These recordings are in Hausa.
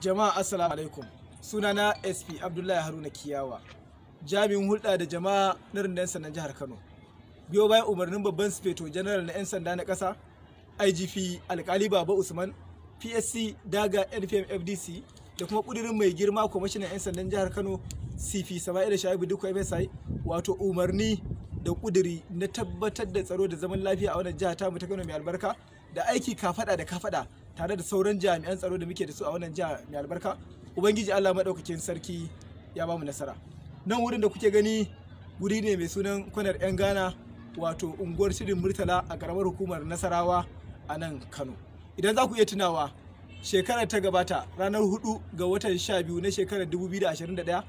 Jama'a Assalamu alaikum. Sunana SP Abdullahi Haruna Kiyawa, jami'in hulɗa da jama'a na sandan jihar Kano. Biyo bayan umarnin babban speto janaral na 'yan sanda na ƙasa, IGP Alkali Baba Usman, PSC Daga NPM FDC da kuma ƙudurin mai girma kwamishinan 'yan sandan jihar Kano CP da Shaibu Dukku MSI wato umarni da ƙuduri na tabbatar da tsaro da zaman lafiya a wannan jihar ta mu ta Kano mai albarka da aiki kafaɗa da kafaɗa tare da sauran jami'an tsaro da muke da su a wannan jiha mai albarka ubangiji allah maɗaukakin sarki ya ba mu nasara nan wurin da kuke gani wuri ne mai sunan kwanar 'yan Gana, wato unguwar shirin murtala a karamar hukumar nasarawa a nan kano idan za ku iya tunawa shekarar ta gabata ranar hudu ga watan sha biyu na shekarar da 2021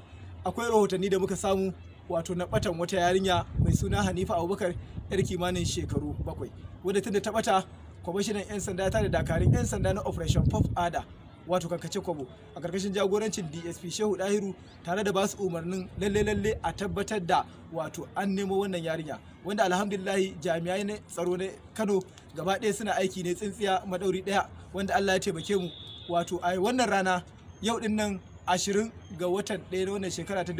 akwai rahotanni da muka samu wato na batan wata yarinya mai suna hanifa abubakar yar kimanin shekaru bakwai wadda da ta bata kwamishinan 'yan sanda tare da dakarun 'yan sanda na operation pop ada wato kakace kwabo a karkashin jagorancin dsp shehu dahiru tare da basu umarnin lalle lalle a tabbatar da wato an nemo wannan yarinya wanda alhamdulillahi jami'ai na tsaro na kano gaba ɗaya suna aiki ne tsintsiya madauri ɗaya wanda allah ya taimake mu wato a wannan rana yau ɗin nan ashirin ga watan ɗaya na wannan shekara ta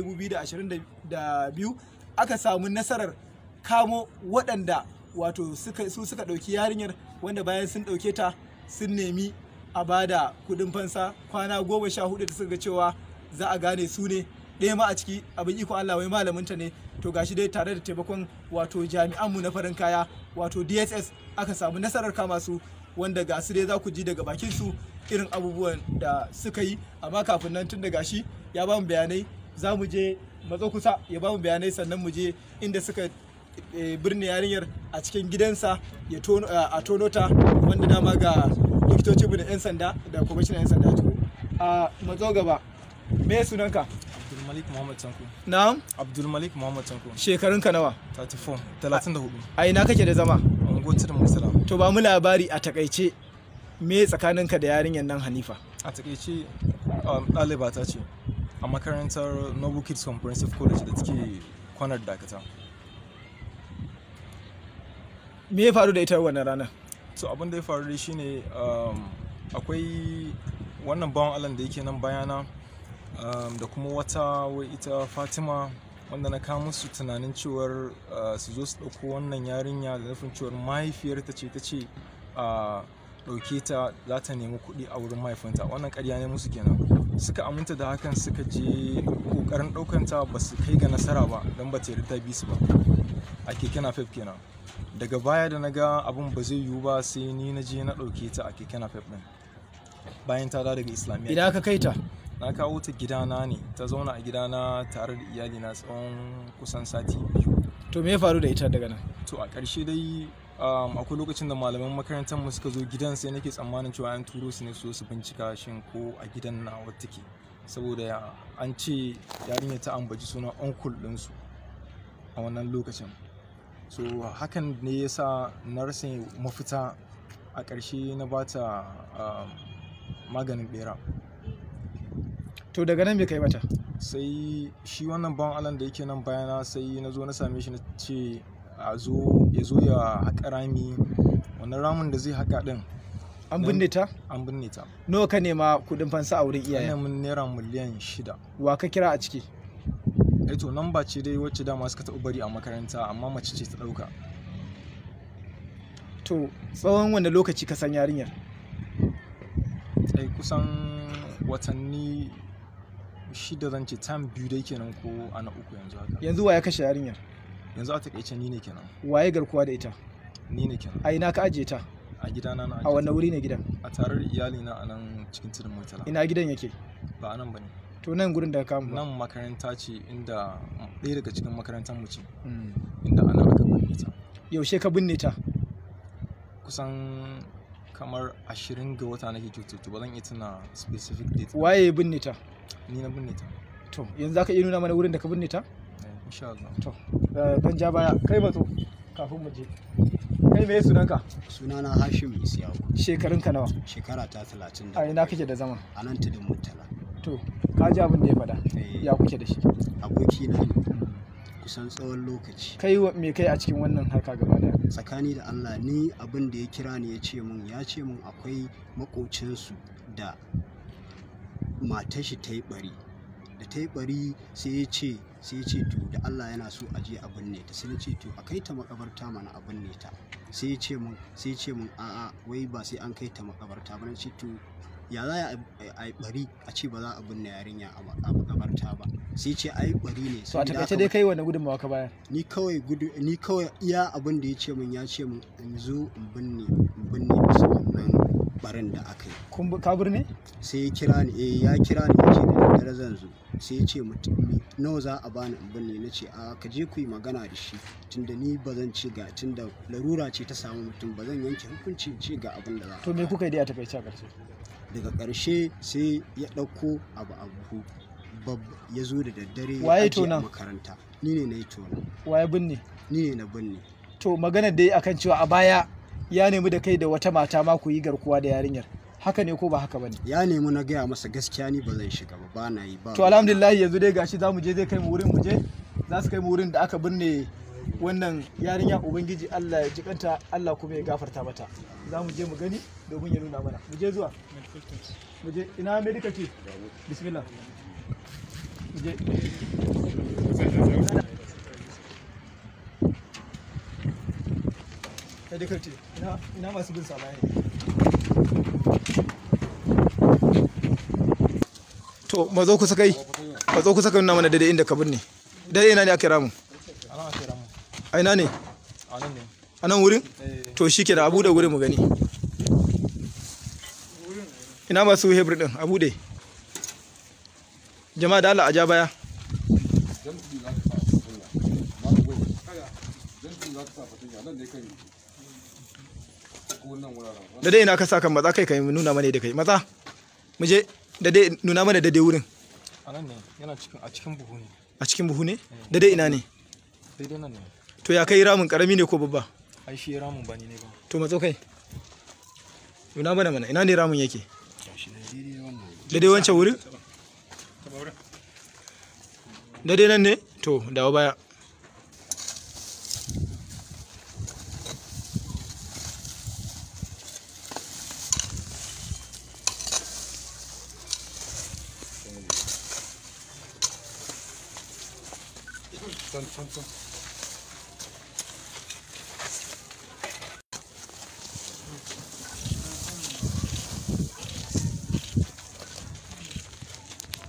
biyu aka samu nasarar kamo waɗanda wato su suka ɗauki yarinyar wanda bayan sun ɗauke ta sun nemi a bada kuɗin fansa kwana goma sha hudu da suka ga cewa za a gane su ne ɗaya ma a ciki abin iko Allah wai malaminta ne to gashi dai tare da taimakon wato jami'an mu na farin kaya wato DSS aka samu nasarar kama su wanda ga su dai za ku ji daga bakin su irin abubuwan da suka yi amma kafin nan tun da gashi ya ba mu bayanai za mu je matso kusa ya ba mu bayanai sannan mu je inda suka Eh, birnin yarinyar a cikin gidansa eh, a tonota ta wanda dama ga likitoci da 'yan sanda da kwamishinan 'yan sanda to a matso gaba me sunanka Abdulmalik Muhammad Tanko. Na'am? Abdulmalik Muhammad Tanko. Shekarunka nawa? 34, 34. A ina kake da zama? Ungoci da Musala. To ba mu labari a takaice me tsakaninka da yarinyar nan Hanifa? A takaice um, ɗaliba ta ce a makarantar Noble Kids Comprehensive College da take kwanar dakata. me ya faru da ita wannan ranar so abin da ya faru da shine um, akwai wannan bawan alan da yake nan bayana um, da kuma wata wai ita fatima wanda na kawo musu tunanin cewar uh, su zo su ɗauko wannan yarinya da nufin cewar mahaifiyar ta ce ta ce a ɗauke ta za ta nemi kuɗi a wurin mahaifinta wannan ƙarya ne musu kenan suka aminta da hakan suka je ƙoƙarin ɗaukanta ba su kai ga nasara ba don ba ta yarda ta bi su ba a keke na kenan daga baya da na ga abun ba zai yiwu ba sai ni na je na ɗauke ta a keke napep ɗin bayan ta dawo daga islamiyya idan aka kai ta na kawo ta gidana ne ta zauna a gidana tare da iyali na tsawon kusan sati biyu to me ya faru da ita daga nan to a ƙarshe dai um, akwai lokacin da malaman makarantar mu suka zo gidan sai nake tsammanin cewa an turo su ne so su bincika shin ko a gidan na wata ke saboda an ce yarinya ta ambaci suna onkul ɗinsu a wannan lokacin so hakan ne ya sa na rasa mafita a ƙarshe na bata um, maganin bera to daga nan bai kai mata sai shi wannan ban alan da yake nan bayana sai na zo na same shi na ce a zo ya zo ya haƙa rami wannan ramin da zai haƙa din an binne ta an binne ta nawa ka nema kuɗin fansa a wurin iyayen mun naira miliyan shida wa ka kira a ciki ai eh to nan ba ce dai wacce dama suka taɓa bari a makaranta amma mace ce ta ɗauka to tsawon wanda lokaci ka san yarinyar eh kusan watanni shida zan ce tam biyu dai kenan ko ana uku yanzu haka yanzu wa ya kashe yarinyar yanzu a takaice ni ne kenan waye garkuwa da ita ni ne kenan a ina ka aje ta a gidana na a wannan wuri ne gidan a tarar iyali na a nan cikin tudun mutala ina gidan yake ba anan bane to nan gurin da ka kama nan makaranta ce inda ɗaya daga cikin makarantar mu ce hmm. inda ana aka binne ta yaushe ka binne ta kusan kamar ashirin ga wata nake cututu ba zan iya tuna specific date waye binne ta ni na binne ta to yanzu ka iya nuna mana wurin da ka binne ta eh, insha Allah to eh, dan ja baya kai mato kafin mu je kai me sunanka sunana Hashim Isiyaku shekarunka nawa shekara ta 30 a ina kake da zama a nan tudun Murtala to ka ji abin da ya fada eh. ya kuke da shi aboki na hmm. kusan tsawon lokaci kai me kai a cikin wannan harka gaba da tsakani da Allah ni abin da ya kira ni ya ce mun ya ce mun akwai makocinsu da matar shi ta yi bari da ta yi bari sai ya ce sai ya ce to da Allah yana so a je a binne ta sai ya ce to a kai ta makabarta mana a binne ta sai ya ce mun sai ya ce mun a'a wai ba sai an kai ta makabarta ba ne ce to ya za a yi bari a ce ba za a binne yarinya a makabarta ba sai ce a yi bari ne so a takaice dai kai wani gudunmawa ka bayar ni kawai gudu ni kawai iya abin da ya ce min ya ce min in zo in binne in binne musu wannan barin da aka yi kun ka birne sai ya kira ni eh ya kira ni ce da daddare zan zo sai ya ce mutum nawa za a bani in binne na ce a ka je ku yi magana da shi tunda ni ba zan ce ga tunda larura ce ta samu mutum ba zan yanke hukunci ce ga abin da za to me kuka yi dai a takaice a ƙarshe daga ƙarshe sai ya ɗauko abu a buhu ya zo da daddare ya ajiye a makaranta ni ne na yi tona waye binne ni ne na binne to magana dai akan cewa a baya ya nemi da kai da wata mata ma ku yi garkuwa da yarinyar haka ne ko ba haka bane ya nemi na gaya masa gaskiya ni ba zan shiga ba ba na yi ba to alhamdulillah yanzu dai gashi za mu je zai kai mu wurin mu je za su kai mu wurin da aka binne wannan yarinya ubangiji Allah ya jikanta Allah kuma ya gafarta mata za mu je mu gani domin ya nuna mana mu je zuwa mu je ina medical ce bismillah mu je ya kit ina ina masu bin ne? to mazo ku sakai mazo ku sakai nuna mana daidai inda ka binne daidai ina ne aka kira mu a ina ne a nan wurin to shi ke da abu da wurin mu gani ina masu hebrew din abu da jama'a da ala aja baya da dai ina kasa kan maza kai kai nuna mana da kai maza Muje da dai nuna mana da dai wurin a nan ne yana cikin a cikin buhu ne a cikin buhu ne da dai ina ne daidai nan ne to ya kai ramin karami ne ko babba ai shi ramin bani ne ba to matso kai ina mana mana ina ne ramin yake da dai wancan wurin dai nan ne to dawo baya Thank you.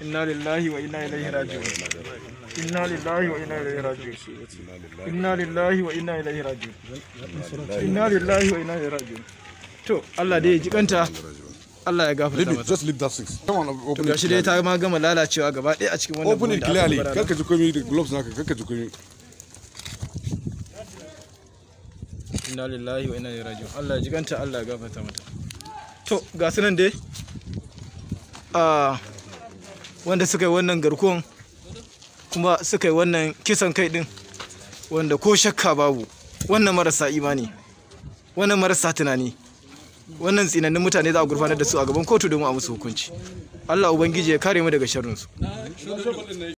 inna lillahi wa inna ilaihi raji'un inna lillahi wa inna ilaihi raji'un inna lillahi wa inna ilaihi raji'un inna lillahi wa inna ilaihi raji'un to Allah dai ya jikanta Allah ya gafarta mata just leave that six come on open to gashi dai ta ma gama lalacewa gaba ɗaya a cikin wannan open it clearly kanka ji komai da gloves naka kanka ji komai inna lillahi wa inna ilaihi raji'un Allah ya jikanta Allah ya gafarta mata to ga sunan dai wanda suka yi wannan garkuwan kuma suka yi wannan kisan kai din wanda ko shakka babu wannan marasa imani wannan marasa tunani wannan tsinanin mutane za a gurfanar da su a gaban kotu domin a musu hukunci Allah Ubangiji ya kare mu daga sharrinsu